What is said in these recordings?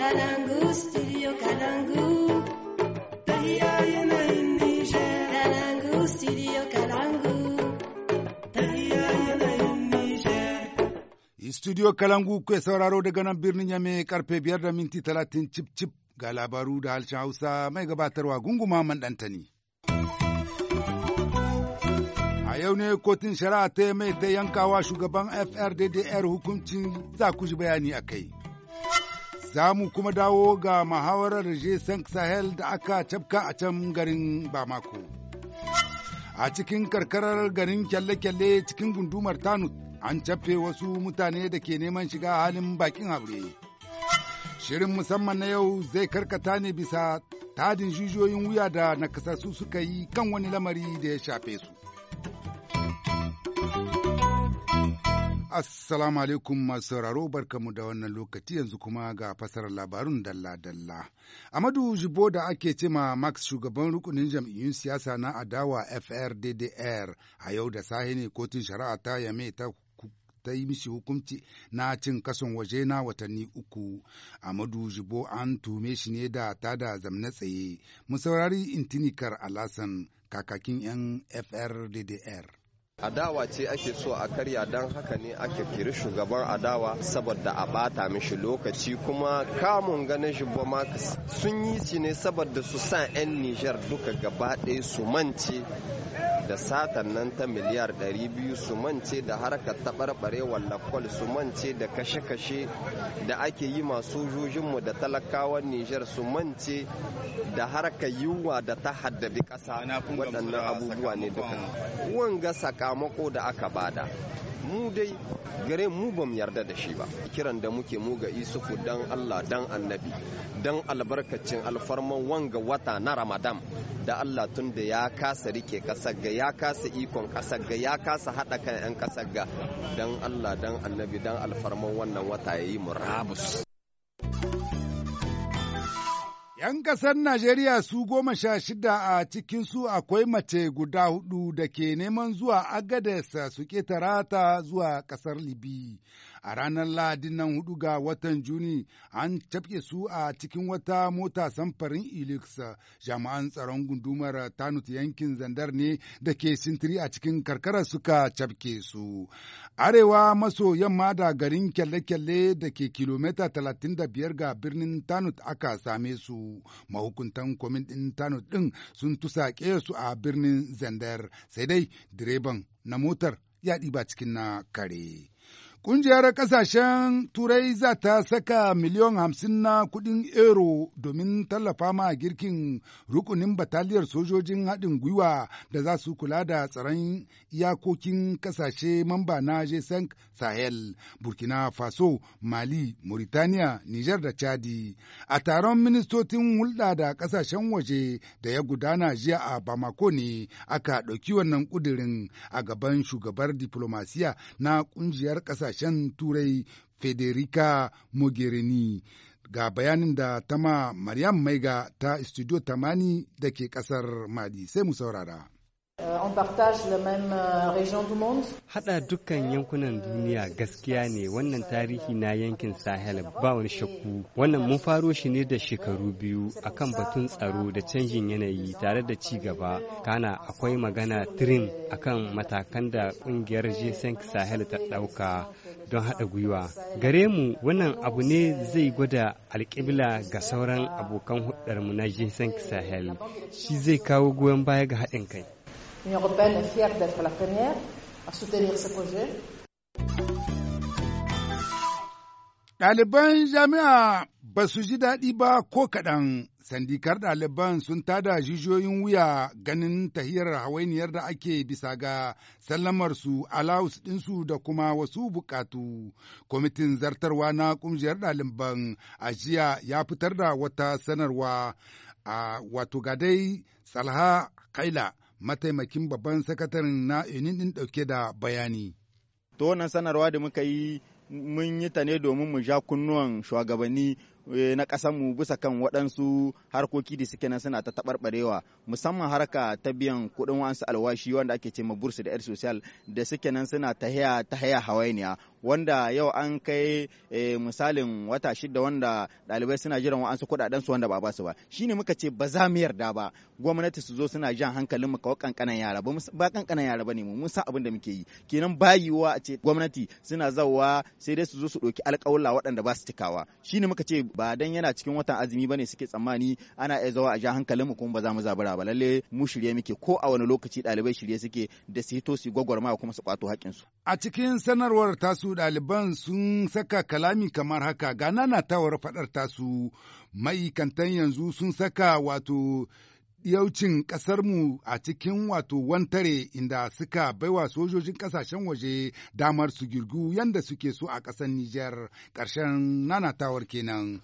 Kalangu, studio Kalangu. Tahiya Kalangu, studio Kalangu. ke sauraro daga nan birnin Yame karfe biyar da minti talatin cip cip ga labaru da halshen Hausa mai gabatarwa gunguma man ɗantani. A yau ne kotun shari'a ta mai ta yankawa shugaban FRDDR hukuncin za ku ji bayani a kai. Za mu kuma dawo ga muhawarar Jason Sahel da aka cafka a can garin Bamako. A cikin karkarar garin kyalle-kyalle cikin gundumar Tanut an cafe wasu mutane da ke neman shiga halin bakin haure. Shirin musamman na yau zai karkata ne bisa tadin jijiyoyin wuya da nakasassu suka yi kan wani lamari da ya shafe su. Assalamu alaikum masu sauraro mu da wannan lokaci yanzu kuma ga fasarar labarun dalla-dalla. Amadu Jibo da ake ce ma Max shugaban rukunin jam'iyyun siyasa na adawa FRDDR a yau da sahi ne kotun shari'a ta yame ta ta yi mishi hukunci na cin kason waje na watanni uku. Amadu Jibo an tume shi ne da ta da zamna tsaye. Mu saurari intinikar Alasan kakakin 'yan FRDDR. adawa ce ake so a karya don haka ne ake kiri shugaban adawa saboda a bata mishi lokaci kuma kamun ganin shi sun yi shi ne saboda su sa 'yan nijar duka gaba ɗaya su mance da satan nan ta miliyar 200 su mance da harkar taɓarɓarewar lakwal su mance da kashe-kashe da ake yi masu sojojinmu da talakawan Nijar su mance da harkar yiwuwa da ta haddabi ƙasa waɗannan abubuwa ne duka. Wanga sakamako da aka bada. mu dai gare mu bamu yarda da shi ba kiran da muke mu ga isufu dan Allah dan annabi dan albarkacin alfarman wanga wata na ramadan da Allah tun da ya kasa rike kasar ga ya kasa ikon kasar ga ya kasa hada kan yan kasar ga dan Allah dan annabi dan alfarman wannan wata yayi murabus ‘Yan ƙasar Najeriya su goma sha shida a cikinsu akwai mace guda hudu da ke neman zuwa Agades su ƙetara ta zuwa ƙasar Libi. A ranar Ladin nan hudu ga watan Juni an cafke su a cikin wata mota samfarin Ilix. Jami'an tsaron gundumar Tanut yankin Zandar ne da ke sintiri a cikin karkarar suka cafke su. Arewa maso yamma da garin kyalle-kyalle da ke kilomita 35 ga birnin Tanut aka same su, mahukuntan kwamin ɗin Tanut ɗin sun tusaƙe su a birnin Zandar, sai dai direban na motar ya ɗiba cikin na kare. Ƙungiyar ƙasashen Turai za ta saka miliyon hamsin na kuɗin ero domin tallafa ma girkin rukunin bataliyar sojojin haɗin gwiwa da za su kula da tsaron iyakokin ƙasashe mamba na g Sahel, Burkina Faso, Mali, Mauritania, Nijar da Chadi. A taron ministocin hulɗa da ƙasashen waje da ya gudana jiya a Bamako ne aka ɗauki wannan ƙudirin a gaban shugabar diplomasiya na ƙungiyar ƙasashe. kasashen Turai Federica Mogherini. Ga bayanin da tama Maryam Maiga ta Studio Tamani da ke ƙasar Mali sai mu saurara. Euh, euh, haɗa dukkan yankunan duniya gaskiya ne wannan tarihi na yankin Sahel ba wani shakku. Wannan mun faro shi ne da shekaru biyu akan batun tsaro da canjin yanayi tare da ci gaba. Kana akwai magana tirin akan matakan da ƙungiyar g Sahel ta ɗauka don haɗa gwiwa. Gare mu wannan abu ne zai gwada alƙibla ga sauran abokan hulɗarmu na g Sahel. Shi zai kawo goyon baya ga haɗin kai. L'Union européenne est fière d'être la première a soutenir ce projet. Ɗaliban jami'a ba su ji daɗi ba ko kaɗan, sandikar ɗaliban sun tada jijiyoyin wuya ganin tahiyar hawainiyar da ake bisa ga sallamarsu alawus ɗinsu da kuma wasu buƙatu. Kwamitin zartarwa na ƙungiyar ɗaliban a jiya ya fitar da wata sanarwa a wato gadai Salha Kaila. mataimakin babban sakataren na inin ɗin ɗauke da bayani. To wannan sanarwa da muka yi mun yi ta ne domin mu ja kunnuwan shugabanni Eh, na mu bisa kan waɗansu harkoki da suke nan suna ta taɓarɓarewa musamman harka ta biyan kuɗin wasu alwashi wanda ake ce ma bursu da yar social da suke nan suna ta haya ta haya hawainiya wanda yau an kai eh, misalin wata shida wanda ɗalibai suna jiran wa'ansu kuɗaɗen su wanda ba basu ba shine muka ce ba za mu yarda ba gwamnati su zo suna jan hankalin mu kawo kankanan yara ba kankanan yara bane mu mun san abin da muke yi kenan bayiwa a ce gwamnati suna zawa sai dai su zo su ɗauki alƙawalla waɗanda ba su cikawa shine muka ce ba dan yana cikin watan azumi bane suke tsammani ana iya zawa a ja hankalin mu kuma ba za mu zabura ba lalle mu shirye muke ko a wani lokaci ɗalibai shirye suke da su hito su gwagwarmaya kuma su kwato haƙƙin su a cikin sanarwar tasu ɗaliban sun saka kalami kamar haka ga tawar faɗar tasu mai kantan yanzu sun saka wato yaucin ƙasarmu a cikin wato wantare inda suka baiwa sojojin ƙasashen waje damar su girgu yadda suke so a ƙasar Nijar ƙarshen nanatawar kenan.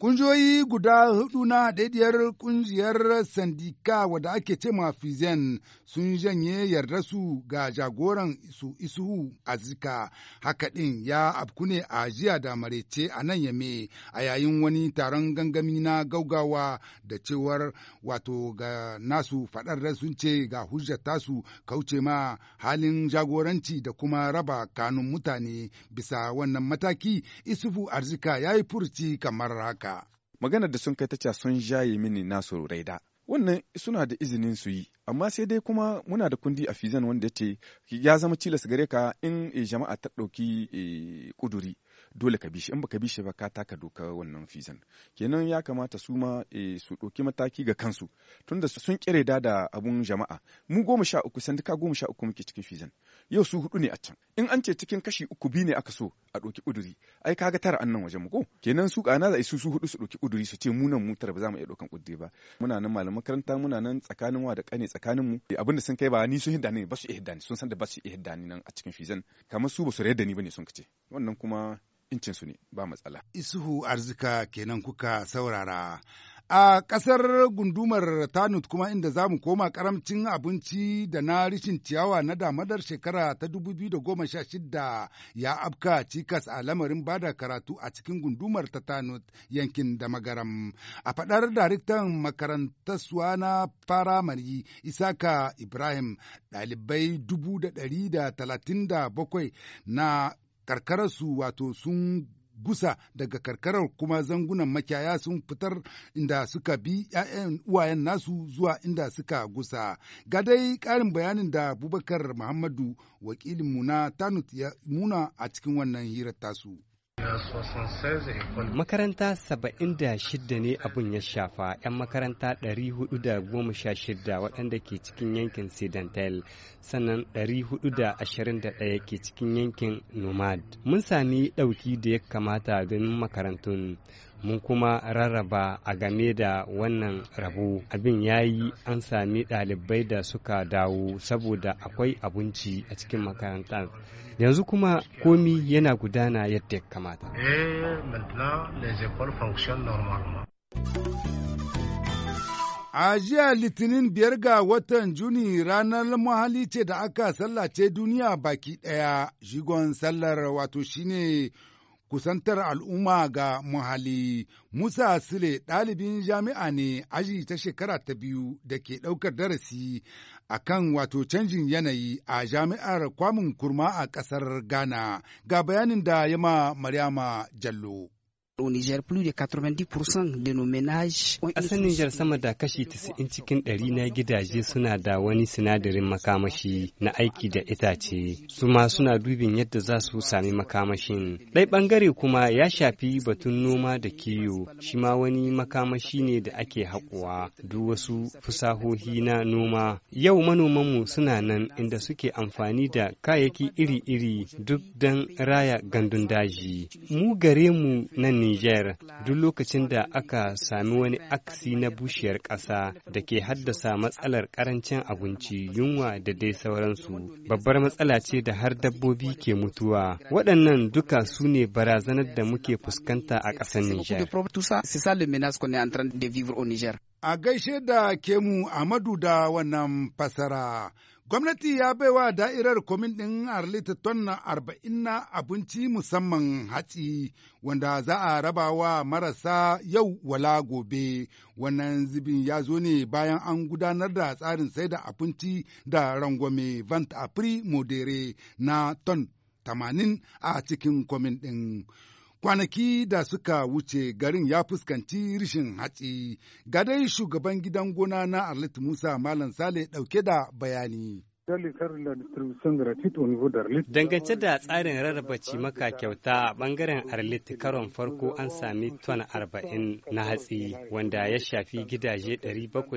Kunjoyi guda hudu na daidiyar kungiyar sandika wadda ake ce ma Fizen sun janye yarda su ga jagoran su isu azika haka ɗin ya afku ne a jiya da marece a nan yame a yayin wani taron gangami na gaugawa da cewar wato ga nasu faɗar sun ce ga hujjar tasu kauce ma halin jagoranci da kuma raba kanun mutane bisa wannan mataki isufu arzika ya yi furci kamar haka. Magana da sun kai ta sun jaye mini nasu raida. wannan suna da izinin su yi amma sai dai kuma muna da kundi a fizan wanda ya ce ya zama cilas gare ka in eh, jama'a ta ɗauki kuduri eh, dole ka bi shi in baka bi shi ba ka taka doka wannan fizan kenan ya kamata su ma eh, su ɗauki mataki ga kansu tunda sun kireda da abun jama'a mu goma sha uku ka goma sha uku muke cikin fizan yau su hudu ne a can in an ce cikin kashi uku biyu ne aka so a ɗauki ƙuduri ai kaga tara an nan wajen mu ko kenan su na za su su hudu su ɗauki ƙuduri su ce mu nan mu tara ba za mu iya ɗaukan ƙuduri ba muna nan malam makaranta muna nan tsakanin wa da ƙane tsakanin mu eh, abin da sun kai ba ni sun hidda ne ba su iya hidda ni sun san da ba su iya hidda ni nan a cikin fizan kamar su ba su rayar da ni ne sun kace wannan kuma su ne ba matsala. Isuhu arzika kenan kuka saurara. A ƙasar gundumar Tanut kuma inda za mu koma ƙaramcin abinci da na rishin ciyawa na damadar shekara ta 2016 ya afka cikas a lamarin bada karatu a cikin gundumar ta Tanut yankin da magaram. A faɗar daraktan makarantarsuwa na faramari Isaka Ibrahim ɗalibai 137 na karkararsu wato sun gusa daga karkarar kuma zangunan makiyaya sun fitar inda suka bi 'ya'yan uwayen nasu zuwa inda suka gusa. Ga dai ƙarin bayanin da Abubakar Muhammadu wakilin Muna Tanut ya muna a cikin wannan hirar tasu. Makaranta saba'in da shidda ne abin ya shafa 'yan makaranta ɗari hudu da goma sha shidda waɗanda ke cikin yankin sedentel sannan ɗari hudu da ashirin da ɗaya ke cikin yankin Nomad. Mun sami ɗauki da ya kamata domin makarantun mun kuma rarraba a game da wannan rabo abin ya yi an sami ɗalibai da suka dawo saboda akwai abinci a cikin makarantar yanzu kuma komi yana gudana yadda ya kamata A jiya Litinin biyar ga watan Juni ranar muhalli ce da aka sallace duniya baki ɗaya, shigon sallar wato shine kusantar al'umma ga muhalli. Musa Sule ɗalibin jami'a ne aji ta shekara ta biyu da ke ɗaukar darasi a kan wato canjin yanayi a jami'ar kwamin kurma a ƙasar Ghana ga bayanin da ya ma Maryama Jallo. au Niger plus de 90% de nos ménages ont a source Niger sama da kashi 90 cikin 100 na gidaje suna da wani sinadarin makamashi na aiki da itace su ma suna dubin yadda za su sami makamashin dai bangare kuma ya shafi batun noma da kiyo shi ma wani makamashi ne da ake hakuwa duk wasu fasahohi na noma yau manoman mu suna nan inda suke amfani da kayayyaki iri-iri duk dan raya gandun daji mu gare mu nan ne niger duk lokacin da aka sami wani aksi na bushiyar ƙasa da ke haddasa matsalar ƙarancin abinci, yunwa da dai sauransu. Babbar matsala ce da har dabbobi ke mutuwa. Waɗannan duka su ne barazanar da muke fuskanta a ƙasar niger. A gaishe da Kemu Amadu da wannan fasara. Gwamnati ya baiwa da'irar kwamin ɗin Arlita tonna arba'in na abinci musamman hatsi wanda za a raba wa marasa yau wala gobe. Wannan zibin ya zo ne bayan an gudanar da tsarin sai da abinci da rangwame Vant Apri Modere na ton tamanin a cikin kwamin ɗin. Kwanaki da suka wuce garin ya fuskanci rishin hatsi, ga dai shugaban gidan gona na Arlit Musa Malam Sale ɗauke da bayani. Dangance da tsarin rarraba cimaka kyauta a bangaren Arlit karon farko an sami ton arba'in na hatsi wanda ya shafi gidaje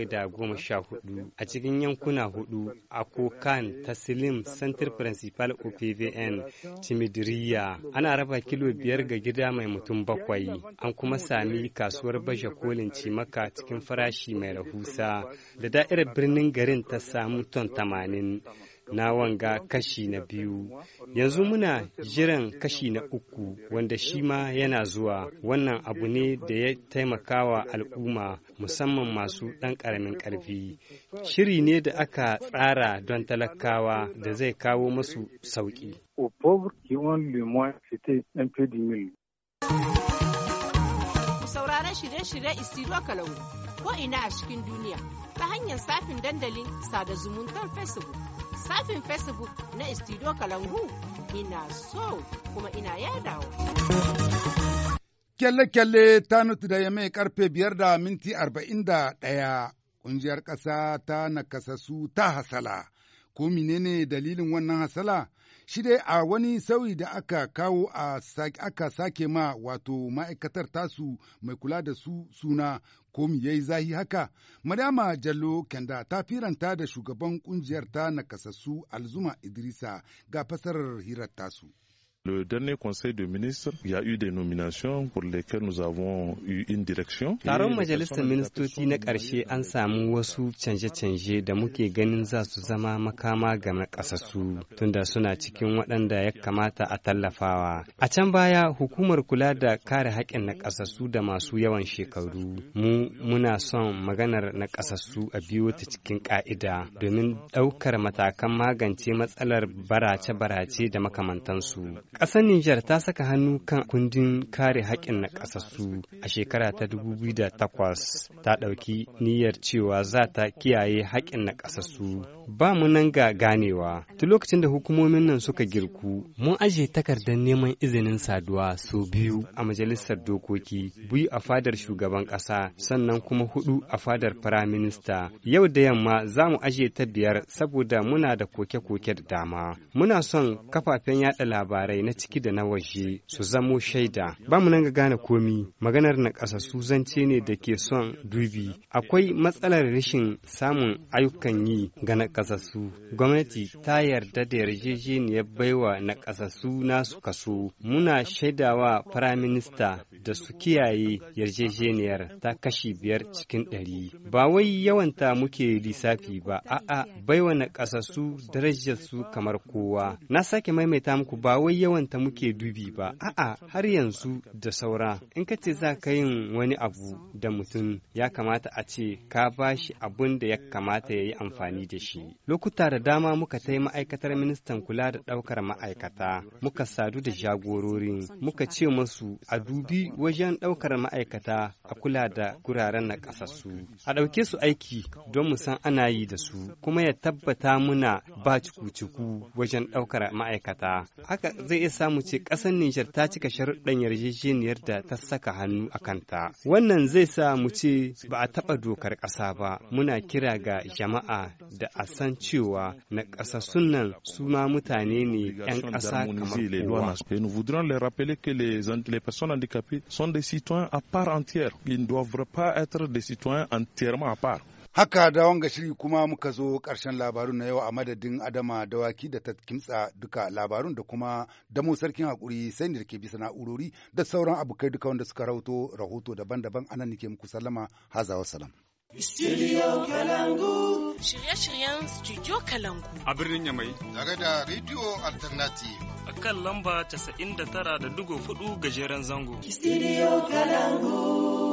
da goma sha hudu a cikin yankuna hudu a Kokan, Taslim, Center Principal OPVN, Timidiriya. Ana raba kilo biyar ga gida mai mutum bakwai. An kuma sami kasuwar baje kolin cimaka cikin farashi mai rahusa da da'irar birnin garin ta samu ton tamanin. na wanga kashi na biyu yanzu muna jiran kashi na uku wanda shi ma yana zuwa wannan abu ne da ya taimaka wa al'umma musamman masu ɗan ƙaramin ƙarfi shiri ne da aka tsara don talakawa da zai kawo masu sauƙi sauraron shirye-shirye istiro kalau ko'ina a cikin duniya ta hanyar safin dandalin sada zumuntar facebook safin facebook na istido kalangu ina so kuma ina yadawa kyalle-kyalle ta nutu da ya mai karfe biyar da minti arba'in da ɗaya ƙungiyar ƙasa ta su ta hasala ko menene dalilin wannan hasala shi dai a wani sauyi da aka kawo a aka sake ma wato ma'aikatar tasu mai kula da su suna ko ya yi zahi haka, Maryama Jallo Kenda ta firanta da shugaban ƙungiyar ta kasassu Alzuma Idrisa ga fasarar hirar tasu. Le dernier conseil de ministre, il y a eu des nominations pour lesquelles nous avons eu une direction. Taron majalisar ministoci na ƙarshe an samu wasu canje-canje da muke ganin za su zama makama ga nakasassu tunda suna cikin waɗanda ya kamata a tallafawa. A can baya hukumar kula da kare haƙƙin na nakasassu da masu yawan shekaru. Mu muna son maganar na nakasassu a biyo ta cikin ƙa'ida domin ɗaukar matakan magance matsalar barace-barace da makamantansu. Ƙasar Nijar ta saka hannu kan kundin kare haƙƙin na ƙasassu a shekara ta 2008 ta ɗauki niyyar cewa za ta kiyaye haƙƙin na ƙasassu. Ba mu nan ga ganewa, ta lokacin da hukumomin nan suka girku, mun ajiye takardar neman izinin saduwa sau biyu a majalisar dokoki, biyu a fadar shugaban ƙasa, sannan kuma hudu a fadar firaminista. Yau da yamma za mu ajiye ta biyar saboda muna da koke-koke da dama. Muna son kafafen yada labarai na ciki da na waje su zamo shaida ba mu nan ga gane komi maganar na su zance ne da ke son dubi akwai matsalar rashin samun ayyukan yi ga na su gwamnati ta yarda da yarjejeniyar baiwa na su nasu kaso muna shaidawa firaminista da su kiyaye yarjejeniyar ta kashi biyar cikin ɗari. Ba wai yawanta muke lissafi ba, a'a baiwa na ƙasassu darajar su kamar kowa. Na sake maimaita muku ba wai yawanta muke dubi ba, a'a har yanzu da saura. In ka ce za ka yin wani abu da mutum ya kamata a ce ka ba shi abun da ya kamata ya yi amfani da shi. Lokuta da dama muka tai ma'aikatar ministan kula da ɗaukar ma'aikata, muka sadu da jagororin, muka ce masu a dubi wajen ɗaukar ma'aikata a kula da guraren na ƙasassu. A ɗauke su aiki don mu san ana yi da su, kuma ya tabbata muna ba ciku-ciku wajen ɗaukar ma'aikata. Haka zai iya samu ce ƙasar Nijar ta cika sharuɗan yarjejeniyar da ta saka hannu a kanta. Wannan zai sa mu ce ba a taɓa dokar ƙasa ba, muna kira ga jama'a da a san cewa na ƙasassun nan su ma mutane ne 'yan ƙasa kamar kowa. Nous voudrons les rappeler que les, les personnes handicapées sont des citoyens à part entière. Ils ne doivent pas être des citoyens entièrement à part. Haka da wanga shiri kuma muka zo ƙarshen labarun na yau a madadin Adama Dawaki da ta kimtsa duka labarun da kuma damo sarkin haƙuri sai da ke bisa na'urori da sauran abokai duka wanda suka rahoto rahoto daban-daban anan nike muku sallama hazawa salam. Studio Kalangu. Shirye-shiryen Studio Kalangu. A birnin Yamai. Daga da Radio Alternative. A kan lamba 99.4 gajeren zango. Studio Kalangu.